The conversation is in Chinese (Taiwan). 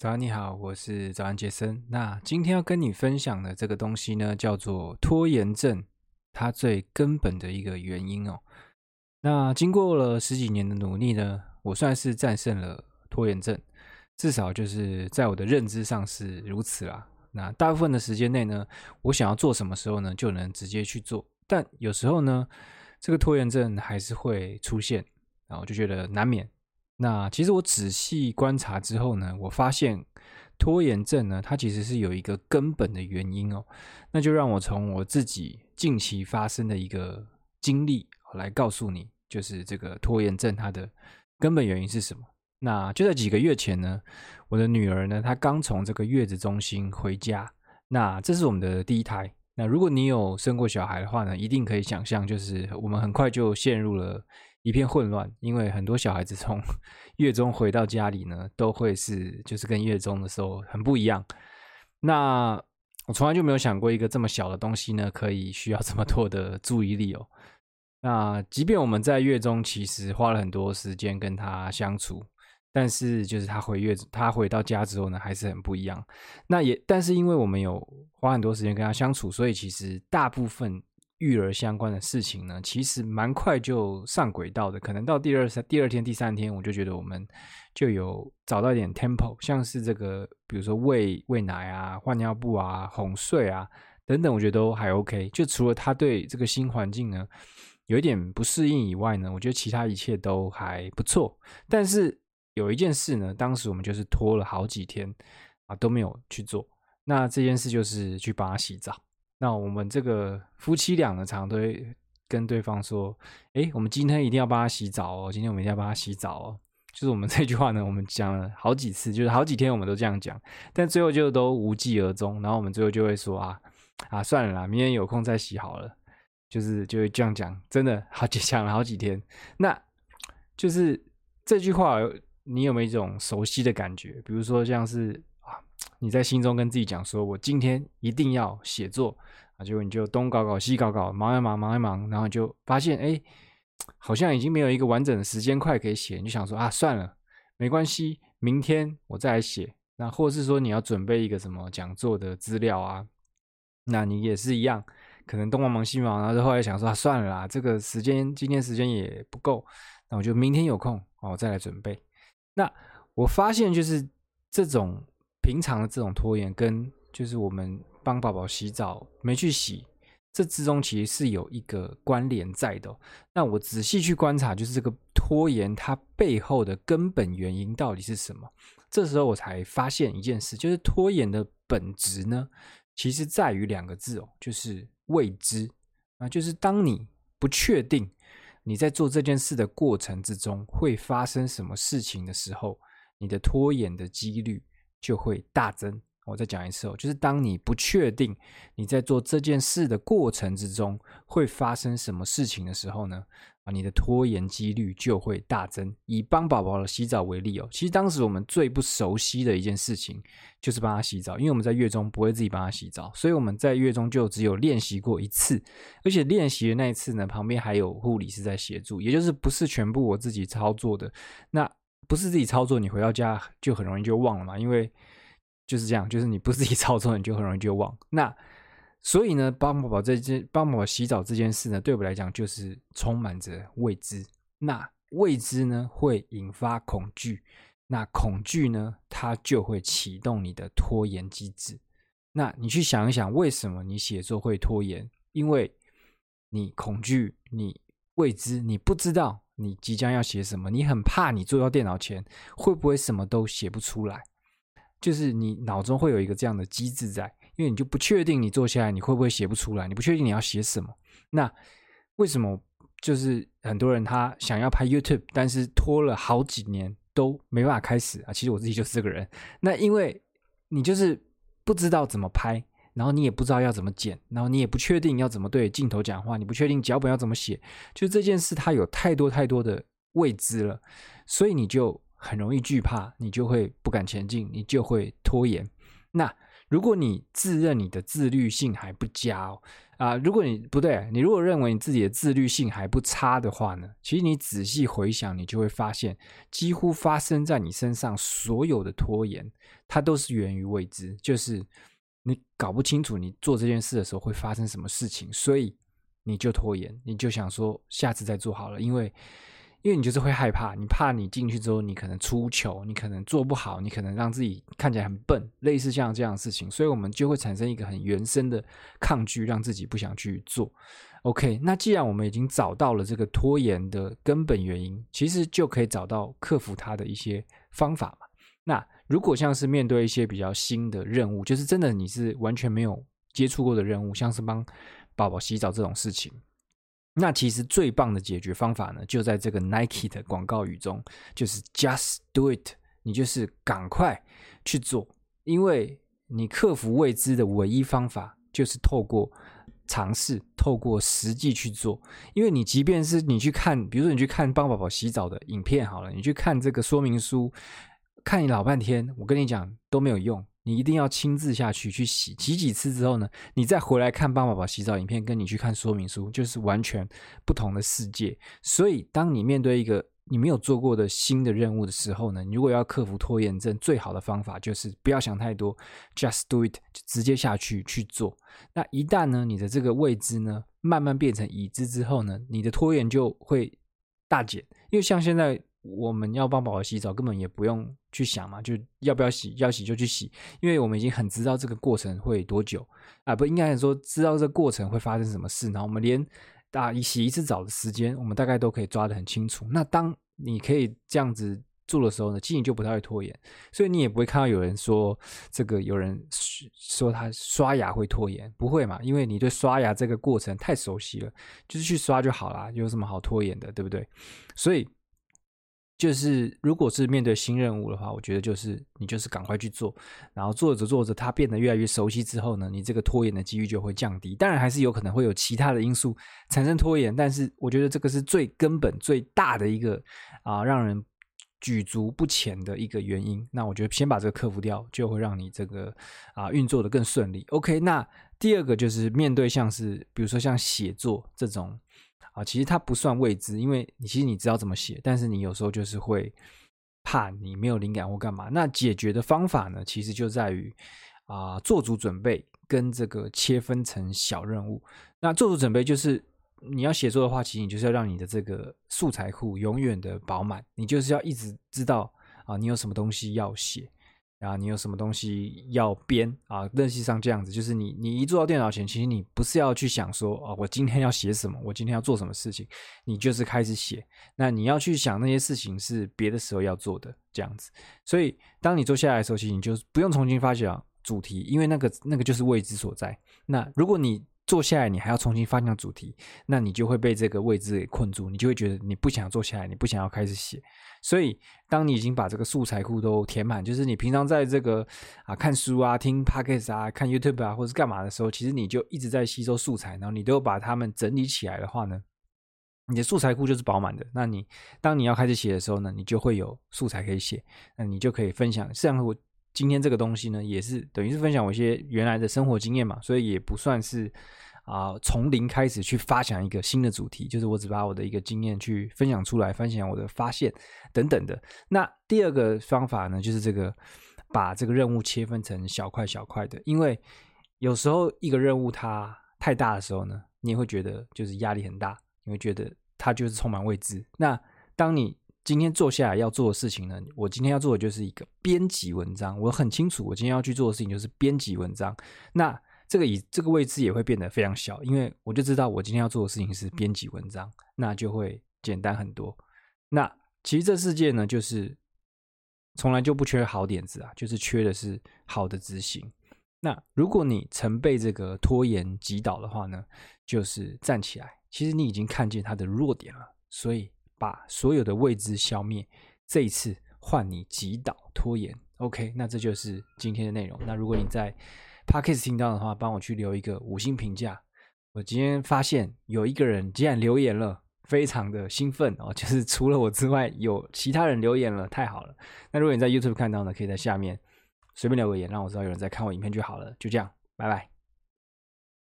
早安，你好，我是早安傑森。那今天要跟你分享的這個東西呢，叫做拖延症，它最根本的一個原因哦。那經過了十幾年的努力呢，我算是戰勝了拖延症，至少就是在我的認知上是如此啦。那大部分的時間內呢，我想要做什麼時候呢，就能直接去做。但有時候呢，這個拖延症還是會出現，然後就覺得難免。那其實我仔細觀察之後呢，我發現拖延症呢，它其實是有一個根本的原因哦。那就讓我從我自己近期發生的一個經歷來告訴你，就是這個拖延症它的根本原因是什麼。那就在幾個月前呢，我的女兒呢，她剛從這個月子中心回家。那這是我們的第一胎。那如果你有生過小孩的話呢，一定可以想象，就是我們很快就陷入了。一片混亂，因為很多小孩子從月中回到家裡呢，都會是就是跟月中的時候很不一樣。那我從來就沒有想過一個這麼小的東西呢，可以需要這麼多的注意力哦。那即便我們在月中其實花了很多時間跟他相處，但是就是他回月他回到家之後呢，還是很不一樣。那也但是因為我們有花很多時間跟他相處，所以其實大部分。育兒相關的事情呢，其實蠻快就上軌道的。可能到第二、三、第二天、第三天，我就覺得我們就有找到一點 tempo，像是這個，比如說餵餵奶啊、換尿布啊、哄睡啊等等，我覺得都還 OK。就除了他對這個新環境呢有一點不適應以外呢，我覺得其他一切都還不錯。但是有一件事呢，當時我們就是拖了好幾天啊都沒有去做。那這件事就是去幫他洗澡。那我們這個夫妻倆呢，常常都會跟對方說：“哎，我們今天一定要幫他洗澡哦，今天我們一定要幫他洗澡哦。”就是我們這句話呢，我們講了好幾次，就是好幾天我們都這樣講，但最後就都無疾而終。然後我們最後就會說啊：“啊啊，算了啦，明天有空再洗好了。”就是就會這樣講，真的好，講了好幾天。那就是這句話，你有沒有一種熟悉的感覺？比如說像是。你在心中跟自己講說：“我今天一定要寫作啊！”結果你就東搞搞西搞搞，忙一忙忙一忙，然後就發現哎，好像已經沒有一個完整的時間塊可以寫。你就想說啊，算了，沒關係，明天我再來寫。那或者是說你要準備一個什麼講座的資料啊？那你也是一樣，可能東忙忙西忙，然後就後來想說啊，算了啦，這個時間今天時間也不夠，那我就明天有空，啊，我再來準備。那我發現就是這種。平常的這種拖延，跟就是我們幫寶寶洗澡沒去洗，這之中其實是有一個關聯在的哦。那我仔細去觀察，就是這個拖延它背後的根本原因到底是什麼？這時候我才發現一件事，就是拖延的本質呢，其實在於兩個字哦，就是未知。那，就是當你不確定你在做這件事的過程之中會發生什麼事情的時候，你的拖延的幾率。就會大增。我再講一次哦，就是當你不確定你在做這件事的過程之中會發生什麼事情的時候呢，啊，你的拖延幾率就會大增。以幫寶寶的洗澡為例哦，其實當時我們最不熟悉的一件事情就是幫他洗澡，因為我們在月中不會自己幫他洗澡，所以我們在月中就只有練習過一次，而且練習的那一次呢，旁邊還有護理師在協助，也就是不是全部我自己操作的。那不是自己操作，你回到家就很容易就忘了嘛，因為就是這樣，就是你不自己操作，你就很容易就忘。那所以呢，幫寶寶這件，幫寶寶洗澡這件事呢，對我來講就是充滿着未知。那未知呢，會引發恐懼，那恐懼呢，它就會啟動你的拖延機制。那你去想一想，為什麼你寫作會拖延？因為你恐懼，你未知，你不知道。你即將要寫什麼？你很怕你坐到電腦前會不會什麼都寫不出來？就是你腦中會有一個這樣的機制在，因為你就不確定你坐下來你會不會寫不出來，你不確定你要寫什麼。那為什麼就是很多人他想要拍 YouTube，但是拖了好幾年都沒辦法開始啊。其實我自己就是這個人。那因為你就是不知道怎麼拍。然後你也不知道要怎麼剪，然後你也不確定要怎麼對鏡頭講話，你不確定腳本要怎麼寫，就這件事它有太多太多的未知了，所以你就很容易懼怕，你就會不敢前進，你就會拖延。那如果你自認你的自律性還不佳啊、哦呃，如果你不對，你如果認為你自己的自律性還不差的話呢，其實你仔細回想，你就會發現，幾乎發生在你身上所有的拖延，它都是源於未知，就是。你搞不清楚你做這件事的時候會發生什麼事情，所以你就拖延，你就想說下次再做好了。因為，因為你就是會害怕，你怕你進去之後你可能出糗，你可能做不好，你可能讓自己看起來很笨，類似像這樣的事情。所以，我們就會產生一個很原生的抗拒，讓自己不想去做。OK，那既然我們已經找到了這個拖延的根本原因，其實就可以找到克服它的一些方法嘛。那。如果像是面對一些比較新的任務，就是真的你是完全沒有接觸過的任務，像是幫寶寶洗澡這種事情，那其實最棒的解決方法呢，就在這個 Nike 的廣告語中，就是 Just Do It，你就是趕快去做，因為你克服未知的唯一方法就是透過嘗試，透過實際去做，因為你即便是你去看，比如說你去看幫寶寶洗澡的影片好了，你去看這個說明書。看你老半天，我跟你講都沒有用，你一定要親自下去去洗洗幾次之後呢，你再回來看幫寶寶洗澡影片，跟你去看說明書，就是完全不同的世界。所以，當你面對一個你沒有做過的新的任務的時候呢，你如果要克服拖延症，最好的方法就是不要想太多，just do it，就直接下去去做。那一旦呢，你的這個未知呢，慢慢變成已知之後呢，你的拖延就會大減。因為像現在。我們要幫寶寶洗澡，根本也不用去想嘛，就要不要洗，要洗就去洗，因為我們已經很知道這個過程會多久啊，不應該說知道這個過程會發生什麼事，然後我們連啊洗一次澡的時間，我們大概都可以抓得很清楚。那當你可以這樣子做的時候呢，其實你就不太會拖延，所以你也不會看到有人說這個有人說他刷牙會拖延，不會嘛，因為你對刷牙這個過程太熟悉了，就是去刷就好了，有什麼好拖延的，對不對？所以。就是，如果是面對新任務的話，我覺得就是你就是趕快去做，然後做着做着，它變得越來越熟悉之後呢，你這個拖延的幾率就會降低。當然，還是有可能會有其他的因素產生拖延，但是我覺得這個是最根本、最大的一個啊，讓人舉足不前的一個原因。那我覺得先把這個克服掉，就會讓你這個啊運作得更順利。OK，那第二個就是面對像是比如說像寫作這種。啊，其實它不算未知，因為你其實你知道怎麼寫，但是你有時候就是會怕你沒有靈感或幹嘛。那解決的方法呢，其實就在於啊、呃，做足準備跟這個切分成小任務。那做足準備就是你要寫作的話，其實你就是要讓你的這個素材庫永遠的飽滿，你就是要一直知道啊、呃，你有什麼東西要寫。啊，然後你有什麼東西要編啊？認識上這樣子，就是你，你一坐到電腦前，其實你不是要去想說啊，我今天要寫什麼，我今天要做什麼事情，你就是開始寫。那你要去想那些事情是別的時候要做的這樣子。所以，當你坐下來的時候，其實你就不用重新發想主題，因為那個那個就是未知所在。那如果你坐下來，你還要重新翻向主題，那你就會被這個位置給困住，你就會覺得你不想要坐下來，你不想要開始寫。所以，當你已經把這個素材庫都填滿，就是你平常在這個啊看書啊、聽 podcast 啊、看 YouTube 啊，或者是幹嘛的時候，其實你就一直在吸收素材，然後你都把它們整理起來的話呢，你的素材庫就是飽滿的。那你當你要開始寫的時候呢，你就會有素材可以寫，那你就可以分享。像我。今天這個東西呢，也是等於是分享我一些原來的生活經驗嘛，所以也不算是啊、呃、從零開始去發想一個新的主題，就是我只把我的一個經驗去分享出來，分享我的發現等等的。那第二個方法呢，就是這個把這個任務切分成小塊小塊的，因為有時候一個任務它太大的時候呢，你也會覺得就是壓力很大，你會覺得它就是充滿未知。那當你今天坐下來要做的事情呢？我今天要做的就是一個編輯文章。我很清楚，我今天要去做的事情就是編輯文章。那這個以這個位置也會變得非常小，因為我就知道我今天要做的事情是編輯文章，那就會簡單很多。那其實這世界呢，就是從來就不缺好點子啊，就是缺的是好的執行。那如果你曾被這個拖延擊倒的話呢，就是站起來。其實你已經看見它的弱點了，所以。把所有的未知消滅，這一次換你擊倒拖延。OK，那這就是今天的內容。那如果你在 Podcast 聽到的話，幫我去留一個五星評價。我今天發現有一個人竟然留言了，非常的興奮哦！就是除了我之外，有其他人留言了，太好了。那如果你在 YouTube 看到呢，可以在下面隨便留個言，讓我知道有人在看我影片就好了。就這樣，拜拜。